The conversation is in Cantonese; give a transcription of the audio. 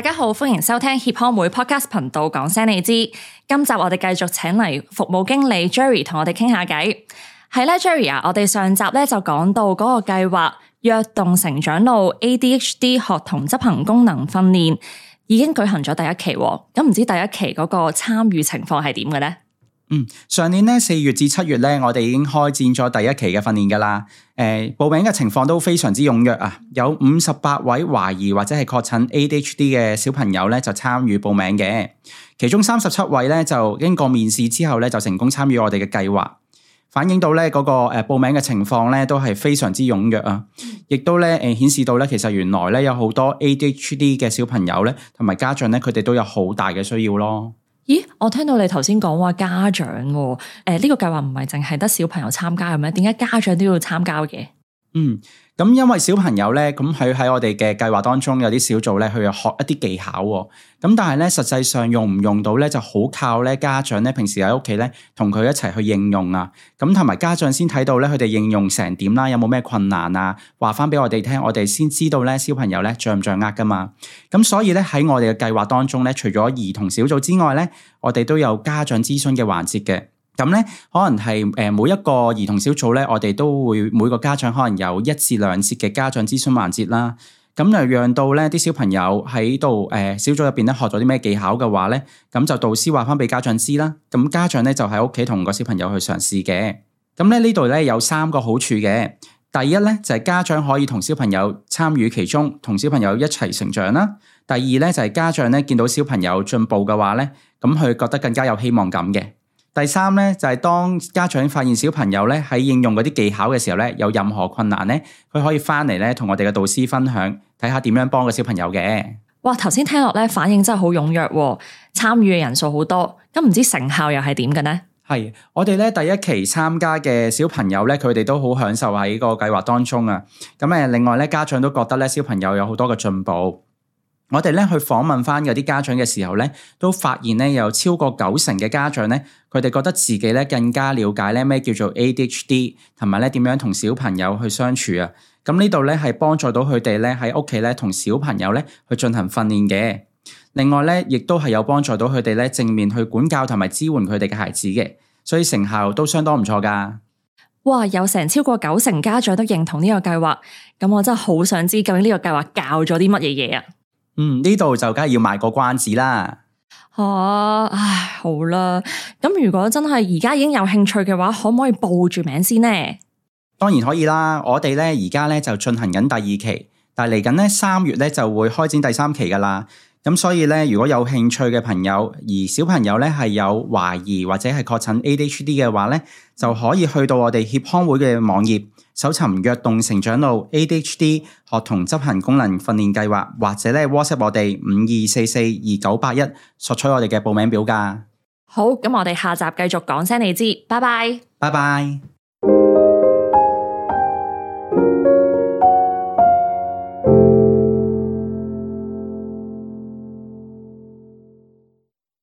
大家好，歡迎收聽協康會 Podcast 頻道，講聲你知。今集我哋繼續請嚟服務經理聊聊 Jerry 同我哋傾下偈。係咧，Jerry 啊，我哋上集咧就講到嗰個計劃《躍動成長路》ADHD 學童執行功能訓練已經舉行咗第一期，咁唔知第一期嗰個參與情況係點嘅咧？嗯，上年咧四月至七月咧，我哋已經開展咗第一期嘅訓練噶啦。誒、呃，報名嘅情況都非常之踊躍啊！有五十八位懷疑或者係確診 A D H D 嘅小朋友咧，就參與報名嘅。其中三十七位咧，就經過面試之後咧，就成功參與我哋嘅計劃。反映到咧嗰個誒報名嘅情況咧，都係非常之踊躍啊！亦都咧誒顯示到咧，其實原來咧有好多 A D H D 嘅小朋友咧，同埋家長咧，佢哋都有好大嘅需要咯。咦，我聽到你頭先講話家長、哦，誒、呃，呢、呢個計劃唔係淨係得小朋友參加嘅咩？點解家長都要參加嘅？嗯。咁因為小朋友咧，咁佢喺我哋嘅計劃當中有啲小組咧，佢又學一啲技巧喎，哦。咁但係咧，實際上用唔用到咧，就好靠咧家長咧平時喺屋企咧同佢一齊去應用啊。咁同埋家長先睇到咧，佢哋應用成點啦，有冇咩困難啊？話翻俾我哋聽，我哋先知道咧，小朋友咧掌唔掌握噶嘛。咁、嗯、所以咧喺我哋嘅計劃當中咧，除咗兒童小組之外咧，我哋都有家長諮詢嘅環節嘅。咁咧，可能係誒每一個兒童小組咧，我哋都會每個家長可能有一至兩次嘅家長諮詢環節啦。咁就讓到咧啲小朋友喺度誒小組入邊咧學咗啲咩技巧嘅話咧，咁就導師話翻俾家長知啦。咁家長咧就喺屋企同個小朋友去嘗試嘅。咁咧呢度咧有三個好處嘅。第一咧就係家長可以同小朋友參與其中，同小朋友一齊成長啦。第二咧就係家長咧見到小朋友進步嘅話咧，咁佢覺得更加有希望感嘅。第三咧，就係當家長發現小朋友咧喺應用嗰啲技巧嘅時候咧，有任何困難咧，佢可以翻嚟咧同我哋嘅導師分享，睇下點樣幫個小朋友嘅。哇！頭先聽落咧反應真係好踊躍，參與嘅人數好多，咁唔知成效又係點嘅呢？係我哋咧第一期參加嘅小朋友咧，佢哋都好享受喺個計劃當中啊！咁誒，另外咧家長都覺得咧小朋友有好多嘅進步。我哋咧去訪問翻有啲家長嘅時候咧，都發現咧有超過九成嘅家長咧，佢哋覺得自己咧更加了解咧咩叫做 A D H D，同埋咧點樣同小朋友去相處啊！咁、嗯、呢度咧係幫助到佢哋咧喺屋企咧同小朋友咧去進行訓練嘅。另外咧，亦都係有幫助到佢哋咧正面去管教同埋支援佢哋嘅孩子嘅。所以成效都相當唔錯噶。哇！有成超過九成家長都認同呢個計劃，咁我真係好想知究竟呢個計劃教咗啲乜嘢嘢啊！嗯，呢度就梗係要賣個關子啦。哦、啊，唉，好啦，咁如果真係而家已經有興趣嘅話，可唔可以報住名先呢？當然可以啦，我哋咧而家咧就進行緊第二期，但係嚟緊咧三月咧就會開展第三期噶啦。咁所以咧，如果有興趣嘅朋友，而小朋友咧係有懷疑或者係確診 ADHD 嘅話咧，就可以去到我哋協康會嘅網頁搜尋躍動成長路 ADHD 學童執行功能訓練計劃，或者咧 WhatsApp 我哋五二四四二九八一索取我哋嘅報名表㗎。好，咁我哋下集繼續講聲你知，拜拜，拜拜。